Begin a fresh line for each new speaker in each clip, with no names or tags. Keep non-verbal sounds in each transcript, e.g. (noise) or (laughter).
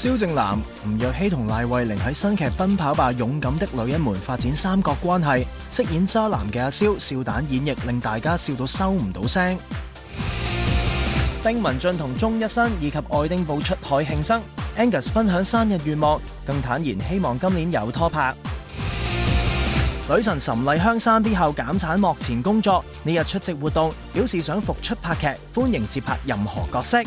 蕭正楠、吳若希同賴慧玲喺新劇《奔跑吧勇敢的女人們》一門發展三角關係，飾演渣男嘅阿蕭笑彈演繹，令大家笑到收唔到聲。丁文俊同鍾一新以及愛丁堡出海慶生，Angus 分享生日願望，更坦言希望今年有拖拍。女神岑麗香生 B 後減產，幕前工作呢日出席活動，表示想復出拍劇，歡迎接拍任何角色。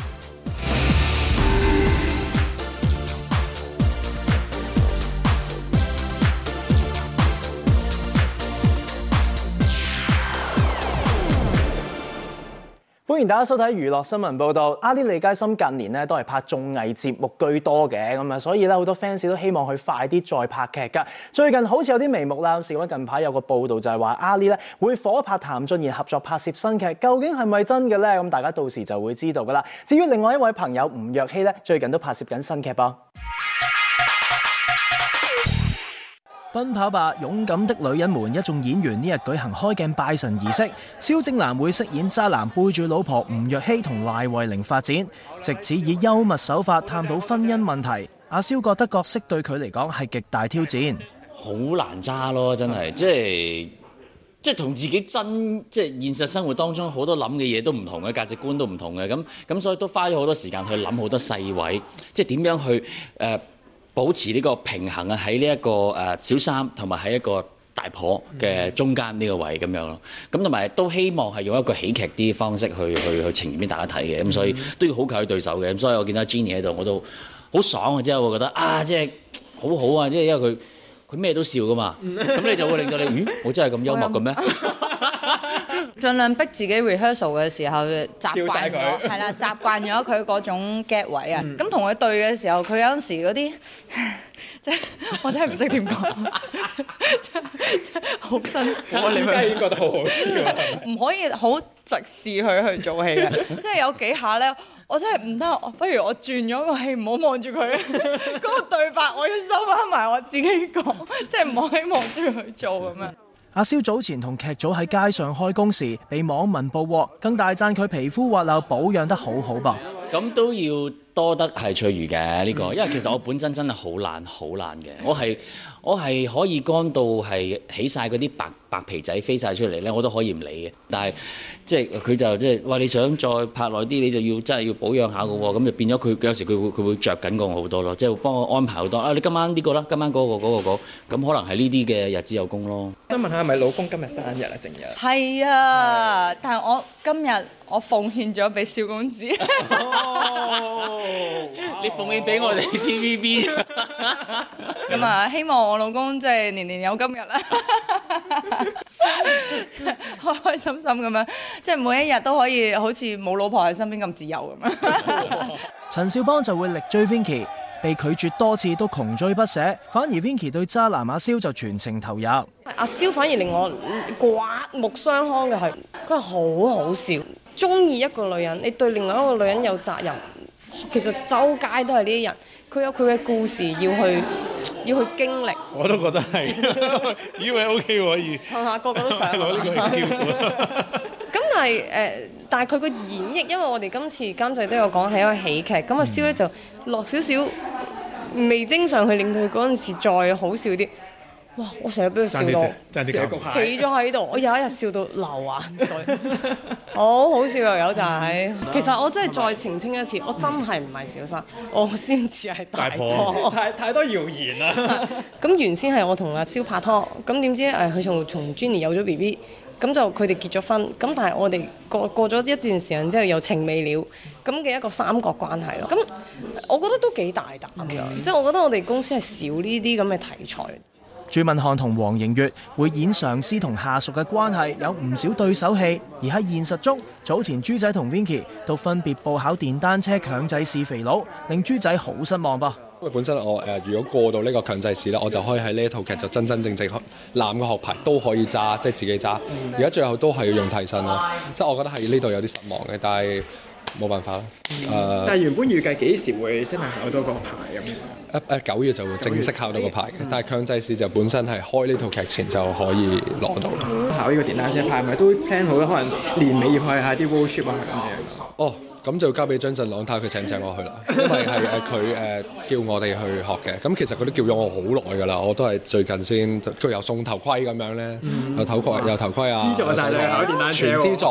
歡迎大家收睇娛樂新聞報道。阿莉李佳芯近年咧都係拍綜藝節目居多嘅，咁啊，所以咧好多 fans 都希望佢快啲再拍劇噶。最近好似有啲眉目啦，有時近排有個報導就係話阿莉咧會火拍譚俊彥合作拍攝新劇，究竟係咪真嘅咧？咁大家到時就會知道噶啦。至於另外一位朋友吳若希咧，最近都拍攝緊新劇喎。奔跑吧勇敢的女人們一眾演員，呢日舉行開鏡拜神儀式，蕭正楠會飾演渣男，背住老婆吳若希同賴慧玲發展，借此以幽默手法探討婚姻問題。阿蕭覺得角色對佢嚟講係極大挑戰，好難揸咯，真係即
係即係同自己真即係現實生活當中好多諗嘅嘢都唔同嘅，價值觀都唔同嘅，咁咁所以都花咗好多時間去諗好多細位，即係點樣去誒。呃保持呢個平衡啊、這個，喺呢一個誒小三同埋喺一個大婆嘅中間呢個位咁樣咯。咁同埋都希望係用一個喜劇啲方式去去去呈現俾大家睇嘅。咁、嗯嗯、所以都要好靠佢對手嘅。咁所以我見到 Jenny 喺度，我都好爽啊！即係會覺得啊，即係好好啊！即係因為佢佢咩都笑噶嘛，
咁 (laughs) 你就會令到你咦？
我真係咁幽默嘅咩？ (laughs)
盡量逼自己 rehearsal 嘅時候，習慣咗，係啦完，習慣咗佢嗰種 get 位啊。咁同佢對嘅時候，佢有陣時嗰啲， (laughs) 即係我真係唔識點講， (laughs) 即係好辛苦。我點解已經
覺得好好笑，
唔可以好直視佢去做戲嘅，即係 (laughs) 有幾下咧，我真係唔得，我不如我轉咗個戲，唔好望住佢嗰個對白，我要收翻埋我自己講，即係唔好喺望住佢做咁樣。 (laughs)
阿蕭早前同劇組喺街上開工時，被網民捕獲，更大讚佢皮膚滑溜，保養得好好噃。
咁都要。多得係翠如嘅呢個，因為其實我本身真係好懶，好懶嘅。我係我係可以乾到係起晒嗰啲白白皮仔飛晒出嚟咧，我都可以唔理嘅。但係即係佢就即係話你想再拍耐啲，你就要真係要保養下噶喎。咁、嗯、就變咗佢，有時佢會佢會著緊過我好多咯。即係幫我安排好多啊！你今晚呢、這個啦，今晚嗰、那個嗰、那個嗰，咁、那個、可能係呢啲嘅日子有功咯。
想問下係咪老
公今日生日啊？正日
係啊，但係我今日我奉獻咗俾少公子。 (laughs) (laughs)
哦、你奉獻俾我哋 TVB，
咁啊，希望我老公即係年年有今日啦，開開心心咁樣，即係每一日都可以好似冇老婆喺身邊咁自由咁樣。
陳少邦就會力追 Vinky，被拒絕多次都窮追不捨，反而 Vinky 對渣男阿蕭就全程投入。
阿蕭、啊、反而令我刮目相看嘅係，佢係好好笑，中意一個女人，你對另外一個女人有責任。哦哦其實周街都係呢啲人，佢有佢嘅故事要去要去經歷。
我都覺得係，以為 O K 可以。
係啊， (laughs) 個個都想攞呢個咁但係誒、呃，但係佢個演繹，因為我哋今次監製都有講係一個喜劇，咁阿蕭咧就落少少味精上去，令到佢嗰陣時再好笑啲。哇！我成日俾佢笑到，企咗喺度。我有一日笑到流眼水，好、 (laughs) (laughs) 哦、好笑啊！又有就係，嗯、其實我真係再澄清一次，嗯、我真係唔係小三，嗯、我先至係大婆，太
太多謠言啦。
咁 (laughs) 原先係我同阿蕭拍拖，咁點知誒佢從從 Jennie 有咗 B B，咁就佢哋結咗婚。咁但係我哋過過咗一段時間之後又情未了，咁嘅一個三角關係咯。咁我覺得都幾大膽嘅，即係、嗯、我覺得我哋公司係少呢啲咁嘅題材。
朱敏瀚同黃盈月會演上司同下屬嘅關係，有唔少對手戲。而喺現實中，早前朱仔同 Vicky 都分別報考電單車強制試肥佬，令朱仔好失望噃。
因為本身我誒、呃，如果過到呢個強制試咧，我就可以喺呢一套劇就真真正正男嘅學牌都可以揸，即係自己揸。而家最後都係要用替身咯，即係我覺得喺呢度有啲失望嘅，但係。冇辦法啦。誒、嗯，嗯、但係原
本預計幾時會真係考到個牌
咁啊？誒誒，九月就會正式考到個牌嘅。嗯、但係強制試就本身係開呢套劇前就可以攞到啦。考呢個電單車牌咪都 plan 好啦。可能年尾要開下去下啲 workshop 啊咁嘅。哦。咁就交俾張振朗，睇下佢請唔請我去啦。因為係誒佢誒叫我哋去學嘅。咁其實佢都叫咗我好耐㗎啦，我都係最近先，佢又送頭盔咁樣咧，啊、有頭盔，有頭盔啊，全資助，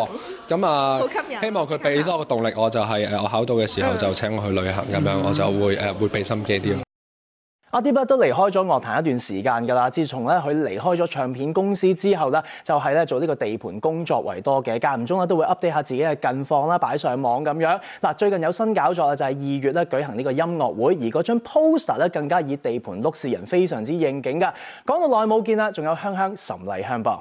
咁啊，好吸引，希望佢俾多個動力，我就係、是、誒、呃、我考到嘅時候就請我去旅行咁樣，嗯、我就會誒、呃、會俾心機啲。
阿迪伯都離開咗樂壇一段時間㗎啦，自從咧佢離開咗唱片公司之後咧，就係咧做呢個地盤工作為多嘅，間唔中咧都會 update 下自己嘅近況啦，擺上網咁樣。嗱，最近有新搞作啊，就係二月咧舉行呢個音樂會，而嗰張 poster 咧更加以地盤碌示人，非常之應景噶。講到耐冇見啦，仲有香香岑麗香噃。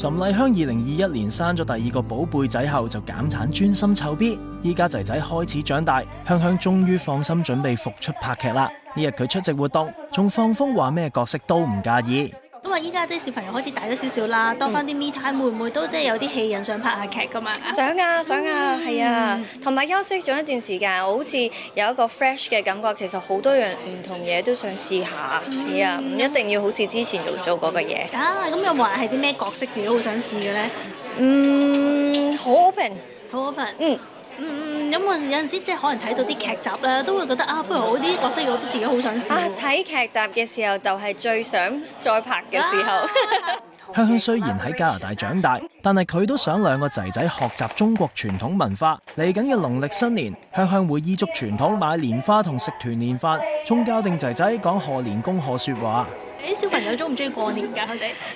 岑麗香二零二一年生咗第二個寶貝仔後就減產，專心湊 B，依家仔仔開始長大，香香終於放心準備復出拍劇啦！呢日佢出席活動仲放風話咩角色都唔介意。
因為依家啲小朋友開始大咗少少啦，多翻啲 me time，會唔會都即係有啲戲
癮想拍下劇咁啊？想啊想啊，係啊、嗯，同埋休息咗一段時間，我好似有一個 fresh 嘅感覺，其實好多樣唔同嘢都想試下，係、嗯、啊，唔一定要好似之前做做過嘅嘢。
啊，咁有冇話係啲咩角色自己好想試嘅咧？嗯，好 open，好 open，嗯，嗯嗯。嗯、有冇有陣時即係可能睇到啲劇
集咧，都會覺得啊，不如我啲角色我都自己好想試。啊！睇劇集嘅時候就係、是、最想再拍嘅時候。
香 (laughs) 香雖然喺加拿大長大，但係佢都想兩個仔仔學習中國傳統文化。嚟緊嘅農曆新年，香香會依足傳統買年花同食團年飯，仲教定仔仔講賀年功賀説話。
咦，小朋友鍾唔鍾意過年㗎？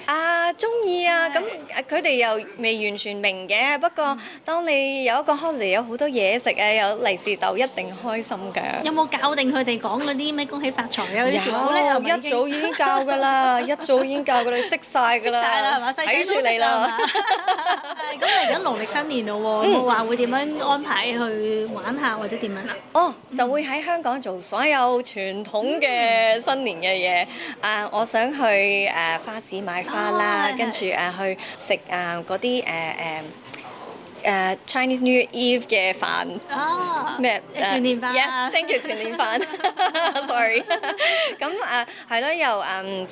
呃，鍾意啊，咁佢哋又未完全明嘅，不過當你有一個 holiday，有好多嘢食啊，有利是豆，一定開
心㗎。有冇教定佢哋講嗰啲咩恭喜發財啊？哦，一早已經教㗎啦，一早已經教㗎啦，睇住你啦。 (coughs) (laughs) 都 (laughs) 識光了, (coughs) 識晒㗎啦，
係嘛？咁嚟緊
農曆新年咯喎，有冇話會點樣安排去玩下或者點樣啊？哦，
就會喺香港做所有傳統嘅新年嘅嘢啊！我想去花市買花啦，跟住、啊、去食啊嗰啲誒誒。Uh, um 誒 Chinese New Year Eve 嘅飯，咩？團
年飯
？Yes，Thank you，團年飯。Sorry，咁誒係咯，又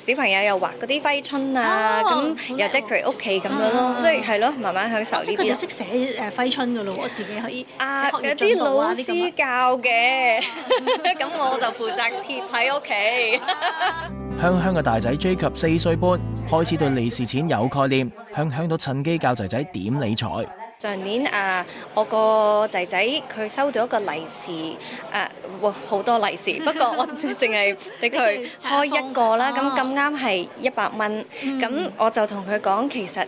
誒小朋友又畫嗰啲揮春啊，咁又 decorate 屋企咁樣咯，所以係咯，慢慢享受呢啲。即係佢哋識
寫誒揮春噶咯喎，自己可以。啊，有啲老師教嘅，
咁我就負責貼喺屋企。
香香嘅大仔 Jade 四歲半開始對利是錢有概念，香香都趁機教仔仔點理財。
上年、uh, 啊，我個仔仔佢收到一個利是，誒，哇，好多利是，不過我淨係俾佢開一個啦。咁咁啱係一百蚊，咁、嗯、我就同佢講，其實誒，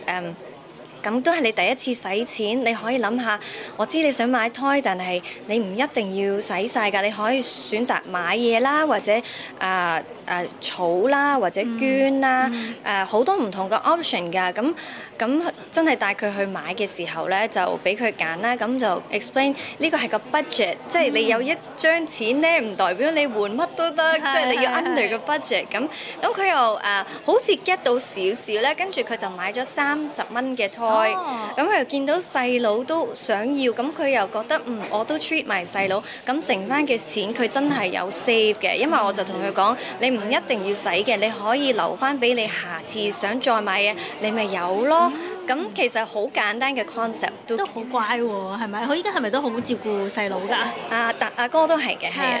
咁、um, 都係你第一次使錢，你可以諗下。我知你想買胎，但係你唔一定要使晒㗎，你可以選擇買嘢啦，或者啊。Uh, 誒儲啦或者捐啦誒好多唔同嘅 option 㗎，咁咁真係帶佢去買嘅時候咧，就俾佢揀啦，咁就 explain 呢個係個 budget，即係你有一張錢咧，唔代表你換乜都得，即係你要 under 個 budget。咁咁佢又誒好似 get 到少少咧，跟住佢就買咗三十蚊嘅 toy，咁佢又見到細佬都想要，咁佢又覺得嗯我都 treat 埋細佬，咁剩翻嘅錢佢真係有 save 嘅，因為我就同佢講你。唔一定要使嘅，你可以留翻俾你下次想再買嘢，你咪有咯。咁其實好簡單嘅 concept 都好乖喎，係咪？佢依家係咪都好照顧細佬㗎？阿達阿哥都係嘅，係啊。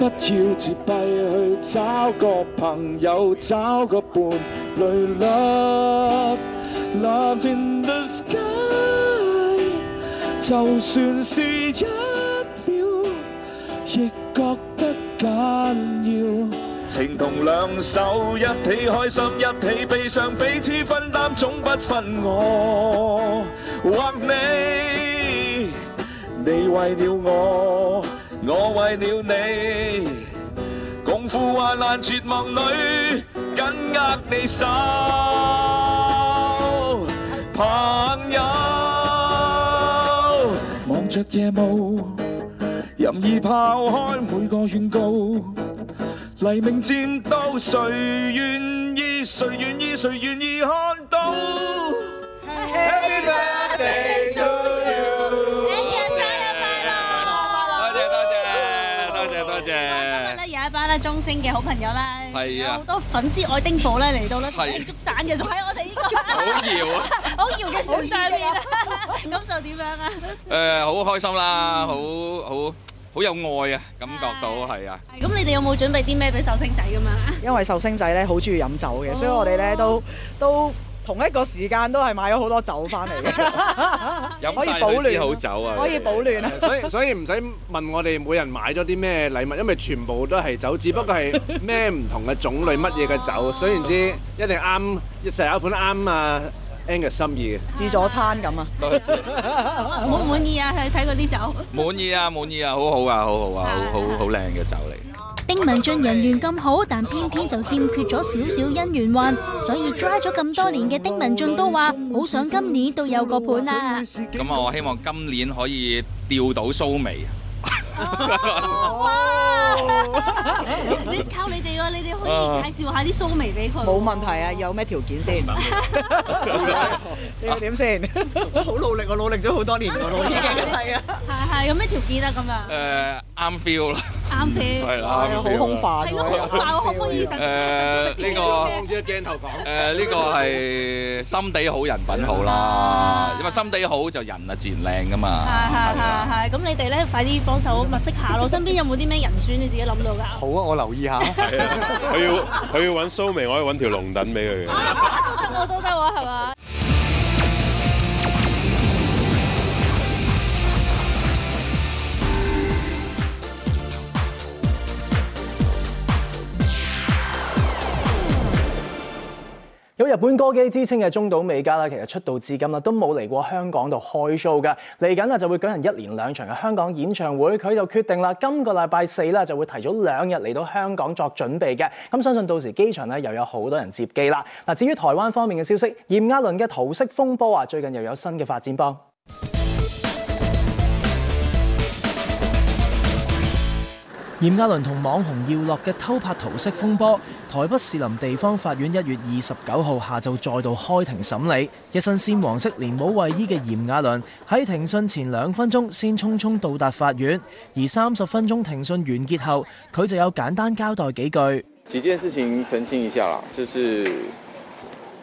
不要自閉，去找個朋友，找個伴侶 Love, love in the sky，就算是一秒，亦覺得緊要。
情同兩手，一起開心，一起悲傷，彼此分擔總不分我或你。你為了我。我為了你，共赴患難絕望裏，緊握你手，朋友。
望着夜幕，
任意拋開每個勸告。黎明漸
到，誰願意？誰願意？誰願意看到
？Happy birthday 中星嘅好朋友啦，係啊，好多粉絲愛丁堡咧嚟到咧，接捉散嘅仲喺我哋呢、呢個好 (laughs) 搖、啊，好 (laughs) 搖嘅船上面啊，咁就
點樣啊？誒、呃啊， (noise) 好開心啦，好好好有愛啊，感覺到係啊。咁、
啊啊、你哋有冇準備啲咩俾壽星仔咁
啊？因為壽星仔咧好中意飲酒嘅，哦、所以我哋咧都都。都同一個時間都係買咗好多酒翻嚟
嘅，可以保暖，好酒啊，可以
保暖。所以
所以唔使問我哋每人買咗啲咩禮物，因為全部都係酒，只不過係咩唔同嘅種類、乜嘢嘅酒。所以唔知一定啱，成日有一款啱啊！N 嘅心意嘅自助餐
咁啊，好唔滿意啊！睇睇嗰啲酒，滿
意
啊滿意啊，好好啊好好啊，好好好靚嘅酒嚟。
丁文俊人緣咁好，但偏偏就欠缺咗少少姻緣運，所以 dry 咗咁多年嘅丁文俊都話好想今年都有個伴啊！咁啊，我希
望今年可以釣到蘇眉。
哇！你靠你哋啊，你哋可以介紹下啲蘇眉俾佢。冇問題啊，有咩條件先？
你要點先？好努力啊，我努力咗好多年我努力。係啊係
係，有咩條件啊咁啊？誒，啱 feel 啦。啱嘅，好空泛。係咯，但係我可唔可以成？誒呢個，唔好只鏡頭講。誒呢個係
心地好人品好啦。因為心地好就人啊自然靚噶嘛。
係係係係。咁你哋咧快啲幫手物色下咯。身邊有冇啲咩人選你自己諗到㗎？
好啊，我留意下。係啊，佢要佢要揾蘇眉，我可以揾條龍躉俾佢。都得我都得喎，係嘛？
日本歌姬之稱嘅中島美嘉啦，其實出道至今啦都冇嚟過香港度開 show 噶嚟緊啦就會舉行一年兩場嘅香港演唱會，佢就決定啦，今個禮拜四啦就會提早兩日嚟到香港作準備嘅，咁相信到時機場咧又有好多人接機啦。嗱，至於台灣方面嘅消息，炎亞綸嘅桃色風波啊，最近又有新嘅發展噃。炎亞倫同網紅耀樂嘅偷拍桃色風波，台北士林地方法院一月二十九號下晝再度開庭審理。一身鮮黃色連帽衛衣嘅炎亞倫喺庭訊前兩分鐘先匆匆到達法院，而三十分鐘庭訊完結後，佢就有簡單交代幾句。
幾件事情澄清一下啦，就是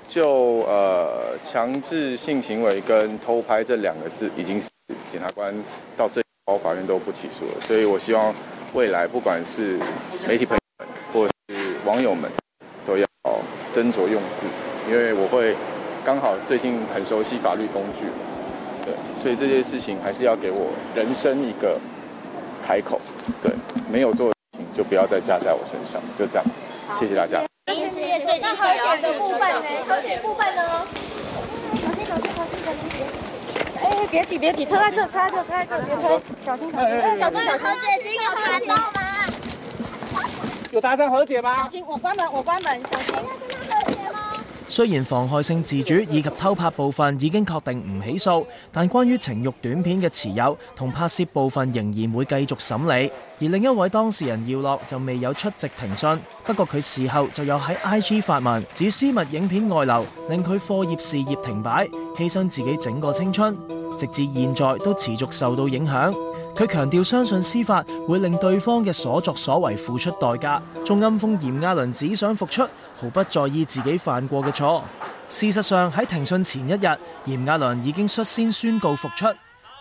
就誒強制性行為跟偷拍這兩個字，已經是檢察官到最高法院都不起訴了，所以我希望。未來不管是媒體朋友們或者是網友們，都要斟酌用字，因為我會剛好最近很熟悉法律工具，對，所以這些事情還是要給我人生一個開口，對，沒有做的事情就不要再加在我身上，就這樣，好謝謝大家。謝謝，那
後面的部分呢？別擠，別擠，車啦，車啦，車啦，別
推，
小心推，小心，小心，小心小心，哎、姐姐有聽到嗎？有達成和解嗎？我
關門，我關門，小心，哎、跟大家
先開下車啦。
雖然妨害性自主以及偷拍部分已經確定唔起訴，但關於情欲短片嘅持有同拍攝部分仍然會繼續審理。而另一位當事人耀樂就未有出席庭訊，不過佢事後就有喺 IG 發文指私密影片外流，令佢課業事業停擺，犧牲自己整個青春。直至現在都持續受到影響。佢強調相信司法會令對方嘅所作所為付出代價，仲暗諷嚴亞倫只想復出，毫不在意自己犯過嘅錯。事實上，喺庭訊前一日，嚴亞倫已經率先宣告復出。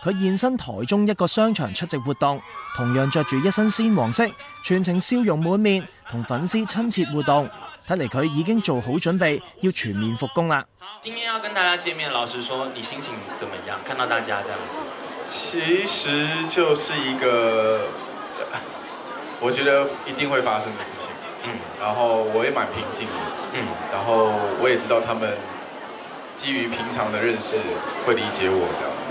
佢現身台中一個商場出席活動，同樣着住一身鮮黃色，全程笑容滿面，同粉絲親切互動。睇嚟佢已經做好準備，要全面復工啦。
好，今天要跟大家見面，老實說你心情怎麼樣？看到大家這樣子，
其實就是一個，我覺得一定會發生的事情。嗯、然後我也蠻平靜。嗯，然後我也知道他們基於平常的認識，嗯、會理解我的。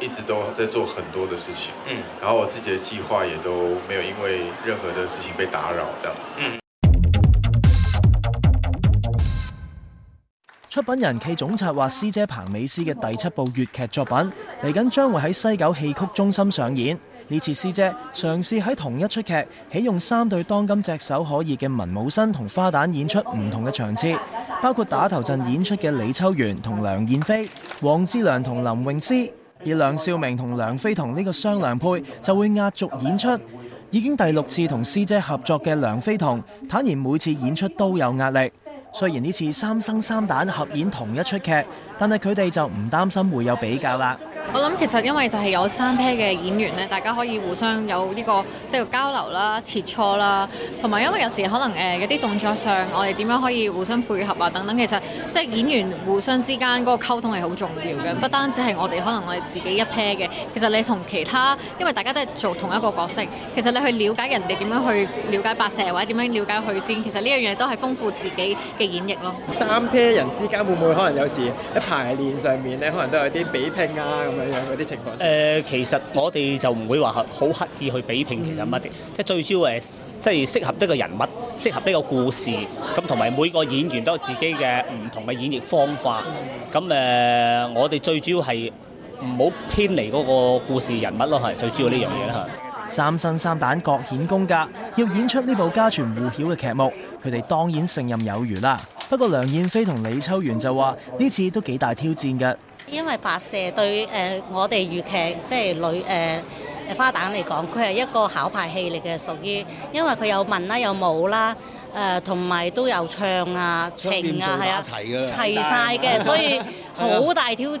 一直都在做很多的事情，嗯，然後我自己的計劃也都沒有因為任何的事情被打擾到，這嗯。
出品人暨總策劃師姐彭美詩嘅第七部粵劇作品嚟緊將會喺西九戲曲中心上演。呢次師姐嘗試喺同一出劇啟用三對當今只手可熱嘅文武生同花旦演出唔同嘅場次，包括打頭陣演出嘅李秋元同梁燕飛、黃志良同林詠詩。而梁少明同梁非同呢個雙良配就會壓軸演出，已經第六次同師姐合作嘅梁非同坦言每次演出都有壓力，雖然呢次三生三旦合演同一出劇，但係佢哋就唔擔心會有比較啦。
我諗其實因為就係有三 pair 嘅演員咧，大家可以互相有呢個即係交流啦、切磋啦，同埋因為有時可能誒有啲動作上，我哋點樣可以互相配合啊等等。其實即係演員互相之間嗰個溝通係好重要嘅，不單止係我哋可能我哋自己一 pair 嘅，其實你同其他因為大家都係做同一個角色，其實你去了解人哋點樣去了解白蛇或者點樣了解許仙，其實呢樣嘢都係豐富自己嘅演繹咯。三
pair 人之間會唔會可能有時喺排練上面咧，可能都有
啲比拼啊？
誒、嗯，其實我哋就唔會話好刻意去比
拼其他乜嘢，即係、嗯、最少最主要誒，即、就、係、是、適合呢個人物，適合呢個故事，咁同埋每個演員都有自己嘅唔同嘅演繹方法。咁誒、嗯嗯呃，我哋最主要係唔好偏離嗰個故事人物咯，係最主要呢樣嘢啦。
三生三旦各顯功格，要演出呢部家傳戶曉嘅劇目，佢哋當然勝任有餘啦。不過梁燕飛同李秋元就話，呢次都幾大挑戰嘅。
因為白蛇對誒我哋粵劇即係女誒花旦嚟講，佢係一個考牌戲嚟嘅，屬於因為佢有文啦，有武啦，誒同埋都有唱啊、情啊，係啊，齊曬嘅，所以好大挑戰㗎。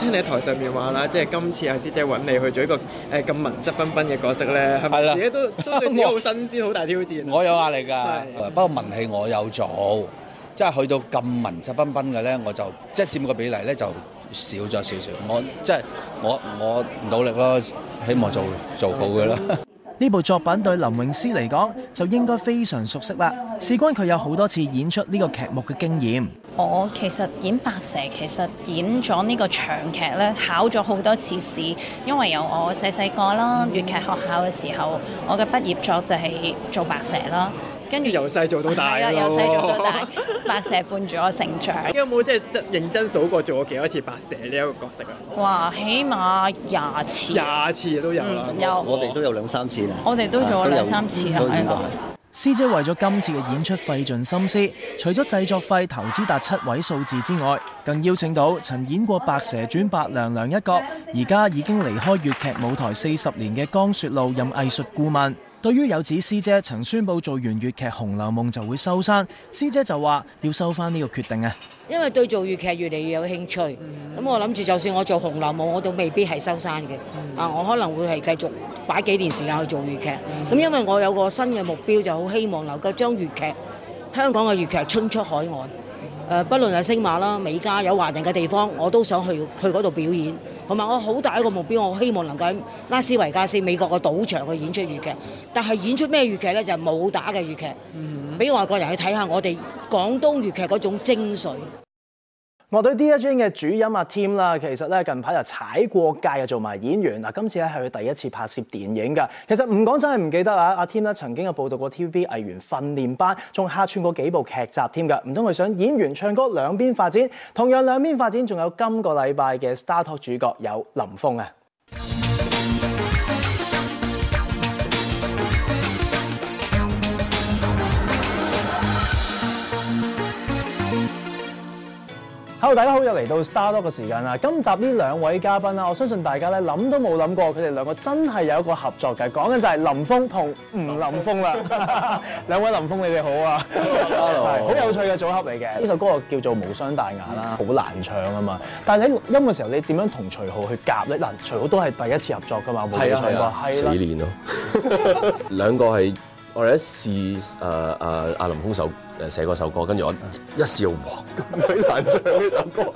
聽你喺台上面話啦，即係今次阿師姐揾你去做一個誒咁文質彬彬嘅角色咧，係
咪自己都都對啲好新鮮，好大挑戰？我有壓力㗎，不過文戲我有做，即係去到咁文質彬彬嘅咧，我就即係佔個比例咧就。少咗少少，我即係我我努力咯，希望做做好嘅啦。
呢 (laughs) 部作品對林詠詩嚟講就應該非常熟悉啦。事關佢有好多次演出呢個劇目嘅經驗。
我其實演白蛇，其實演咗呢個長劇咧，考咗好多次試，因為由我細細個啦，粵劇學校嘅時候，我嘅畢業作就係做白蛇啦。跟住由細做到大由細、啊、
做到大， (laughs) 白蛇伴住我成長。你 (laughs) 有
冇即係真認真數過做過幾多次白蛇呢一個角
色啊？哇，起碼廿次，廿次都有啦、嗯，有哇我哋
都有兩三次
啦，我哋
都做咗兩三次啦，係咯、啊。嗯、
師姐為咗今次嘅演出費盡心思，除咗製作費投資達七位數字之外，更邀請到曾演過白蛇傳白娘娘一角，而家已經離開粵劇舞台四十年嘅江雪露任藝術顧問。對於有指師姐曾宣佈做完粵劇《紅樓夢》就會收山，師姐就話要收翻呢個決定啊！
因為對做粵劇越嚟越有興趣，咁、mm hmm. 我諗住就算我做《紅樓夢》，我都未必係收山嘅。Mm hmm. 啊，我可能會係繼續擺幾年時間去做粵劇。咁、mm hmm. 因為我有個新嘅目標，就好希望能夠將粵劇香港嘅粵劇衝出海外。Mm hmm. 不論係星馬啦、美加有華人嘅地方，我都想去去嗰度表演。同埋我好大一個目標，我希望能夠喺拉斯維加斯美國嘅賭場去演出粵劇。但係演出咩粵劇咧？就係、是、武打嘅粵劇，俾、嗯、外國人去睇下我哋廣東粵劇嗰種精髓。
樂隊 Dear Jane 嘅主音阿 Tim 啦，其實咧，近排又踩過界做埋演員。今次咧係佢第一次拍攝電影嘅。其實唔講真係唔記得啊！阿 Tim 曾經有報讀過 TVB 藝員訓練班，仲客串過幾部劇集添嘅。唔通佢想演員唱歌兩邊發展？同樣兩邊發展，仲有今個禮拜嘅 StarTalk 主角有林峰啊！Hello 大家好，又嚟到 Star Doctor 嘅時間啦！今集呢兩位嘉賓啦， (music) 我相信大家咧諗都冇諗過，佢哋兩個真係有一個合作嘅，講緊就係林峰同吳、oh, okay. 林峰啦。 (laughs) 兩位林峰你哋好啊 (laughs) ！Hello，好 hello. 有趣嘅組合嚟嘅。呢 (music) 首歌叫做《無雙大眼》啦，好 Yeah. 難唱啊嘛。但係喺錄音嘅時候，你點樣同徐浩去夾咧？嗱， (music) 徐浩都係第一次合作㗎嘛，冇錯。係啊係
啊，咯。兩個係我哋一試，誒誒阿林空手。 (music) (music) 誒寫嗰首歌，跟住我一笑黃，哇！咁鬼難唱呢首歌，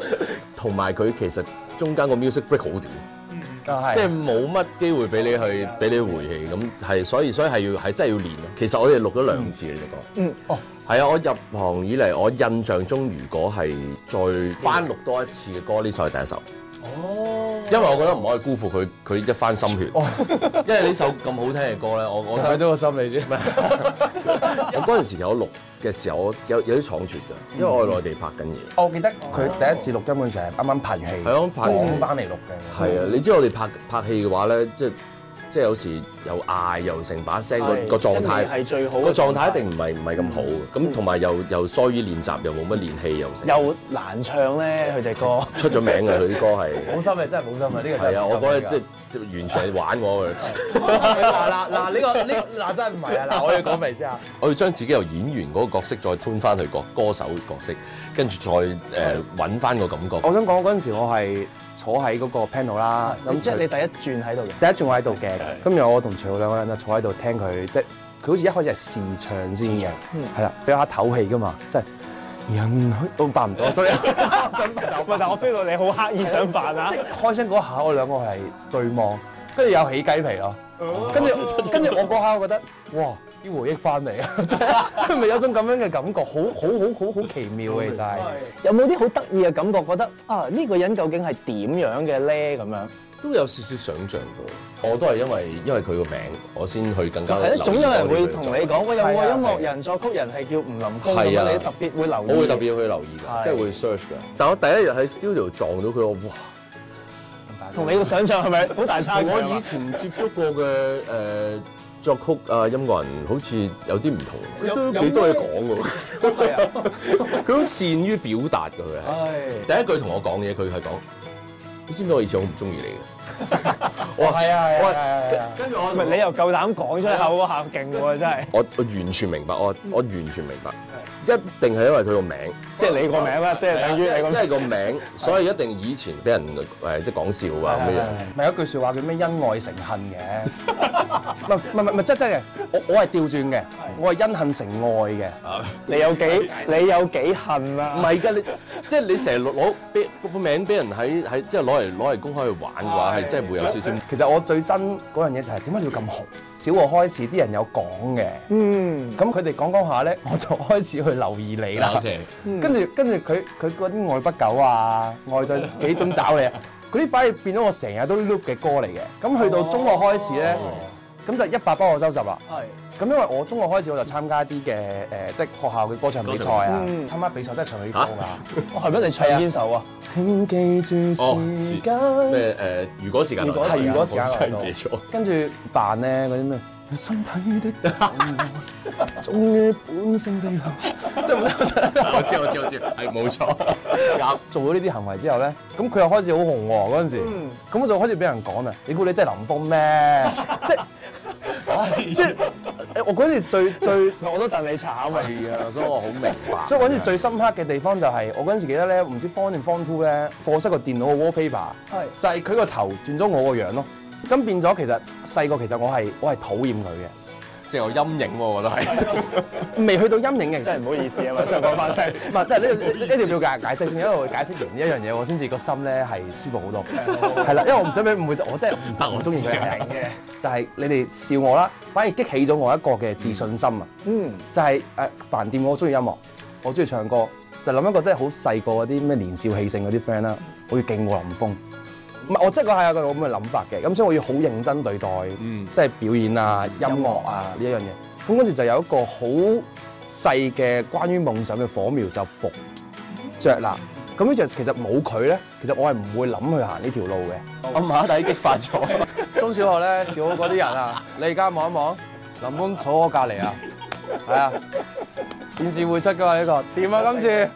同埋佢其實中間個 music break 好短，嗯，就是、即係冇乜機會俾你去俾、嗯、你回氣，咁係所以所以係要係真係要練咯。其實我哋錄咗兩次呢首歌，嗯，
哦，
係啊，我入行以嚟，我印象中如果係再翻錄多一次嘅歌，呢首係第一首。哦。因為我覺得唔可以辜負佢佢一番心血， (laughs) 因為呢首咁好聽嘅歌咧，我我睇到個心理啫。 (laughs) 是 (laughs) 我嗰陣時有錄嘅時候，我有有啲倉促㗎，因為我內地拍緊嘢。我記得佢第一次錄根本上係啱啱拍戲，係啊，拍完翻嚟錄嘅。係啊，你知我哋拍拍戲嘅話咧，即係。即係有時又嗌又成把聲個狀態係最好嘅。個狀態一定唔係唔係咁好。咁同埋又又疏於練習，又冇乜練氣，又
又難唱咧佢隻歌。
出咗名㗎佢啲歌係。冇心係真係冇心啊！呢個係啊，我覺得即係完全係玩我佢。
嗱
嗱呢個呢嗱真係唔係啊！嗱，我要講明先啊。我要將自己由演員嗰個角色再攤翻去個歌手角色，跟住再誒揾翻個感覺。我想講嗰陣時我係。坐喺嗰個 panel 啦，咁即係你第一轉喺度嘅。第一轉我喺度嘅，今日我同徐浩兩個人就坐喺度聽佢，即係佢好似一開始係試唱先嘅，係啦比較下唞氣噶嘛，真係人都扮唔到，所以 (laughs) (laughs) (laughs) 但我 feel 到你好刻意想扮啊，即係開心嗰下我兩個係對望，跟住有起雞皮咯，跟住跟住我嗰下我覺得哇！啲回憶翻嚟，係咪 (laughs) 有種咁樣嘅感覺，好好
好好好奇妙嘅，就係有冇啲好得意嘅感覺，覺得啊呢、呢個人究竟係點樣嘅咧？咁樣
都有少少想像嘅，我都係因為因為佢個名，我先去更加。係啊，總有人會同你講個對對有冇音樂
人作曲人係叫吳林峰咁啊，對對你特別會留意。我會特別去留意㗎，即係對會
search 㗎。對但我第一日喺 studio 撞到佢，我哇！同你嘅想象係咪好大差異啊？我以前接觸過嘅誒。呃作曲啊，音樂人好似有啲唔同，佢都幾多嘢講嘅喎。佢好 (laughs) 善於表達嘅佢係。的第一句同我講嘢，佢係講：你知唔知我以前好唔中意你嘅？
(laughs) 我係說啊，係啊，我說跟住我，唔係你又夠膽講出口嚇，勁喎，真係。
我我完全明白，我我完全明白。一定係因為佢個名，即係你個名啦，即係、啊、等於你個。即係個 (laughs) 名，所以一定以前俾人誒，即係講笑啊咁的樣。咪一句説話叫咩？恩愛成恨嘅。係係係係，真真嘅。我我係調轉嘅，我係因恨成愛嘅。你有幾你有幾恨啊？唔係㗎，你即係你成日攞俾個名俾人喺喺，即係攞嚟攞嚟公開去玩嘅話，係、啊、真係會有少少。其實我最憎嗰樣嘢就係點解你要咁紅？小學開始啲人有講嘅，嗯，咁佢哋講講下咧，我就開始去留意你啦 Okay、嗯。跟住跟住佢佢嗰啲愛不疚啊，愛在記憶中找你啊，嗰啲反而變咗我成日都 loop 嘅歌嚟嘅。咁去到中學開始咧。哦哦哦哦。咁就一百幫我收拾啊！係，咁因為我中學開始我就參加啲嘅誒，即係學校嘅歌唱比賽啊，參加比賽真係唱呢個啊。嚇，係咩？你唱邊首啊？請記住時間。咩誒？如果時間係如果時間內到。跟住扮咧嗰啲咩？心
底的黑暗，縱嘅本性力量。即
係我知我知我知，係冇錯。做咗呢啲行為之後咧，咁佢又開始好紅喎嗰陣時，咁就開始俾人講啦。你估你真係林峯咩？即係。 (laughs) 即係，誒我嗰陣時最最，最 (laughs) (laughs) 我都戥你慘啊！所以我好明白。 (laughs) (laughs) 所以嗰陣時最深刻嘅地方就係、是，我嗰陣時記得咧，唔知 Form One 定 Form Two 咧，課室個電腦個 wallpaper 係是就係佢個頭轉咗我個樣咯，咁變咗其實細個其，其實我係我係討厭佢嘅。即係有陰影喎、啊，我覺得係未 (laughs) 去到陰影嘅，真係唔好意思啊，我上講翻聲，唔係， (laughs) (laughs) 即係呢呢條要解解釋，因為解釋完呢一樣嘢，我先至個心咧係舒服好多，係啦， (laughs) 因為我唔想俾唔會，我真係唔得， (laughs) 我中意佢嘅，就 (laughs) 係你哋笑我啦，反而激起咗我一個嘅自信心啊，嗯，嗯，就係誒飯店，我中意音樂，我中意唱歌，就諗、是、一個真係好細個嗰啲咩年少氣盛嗰啲 friend 啦，好似勁過林峯。唔係，我，我、嗯嗯、即係我係有個咁嘅諗法嘅，咁所以我要好認真對待，即係表演啊、音樂啊呢一樣嘢。咁嗰時就有一個好細嘅關於夢想嘅火苗就伏着啦。咁呢隻其實冇佢咧，其實我係唔會諗去行呢條路嘅。吧我馬底激發咗， (laughs) 中小學咧跳嗰啲人啊，你而家望一望，
林峰坐我隔離啊，係 (laughs) 啊，電視會出㗎嘛呢個，掂啊今次？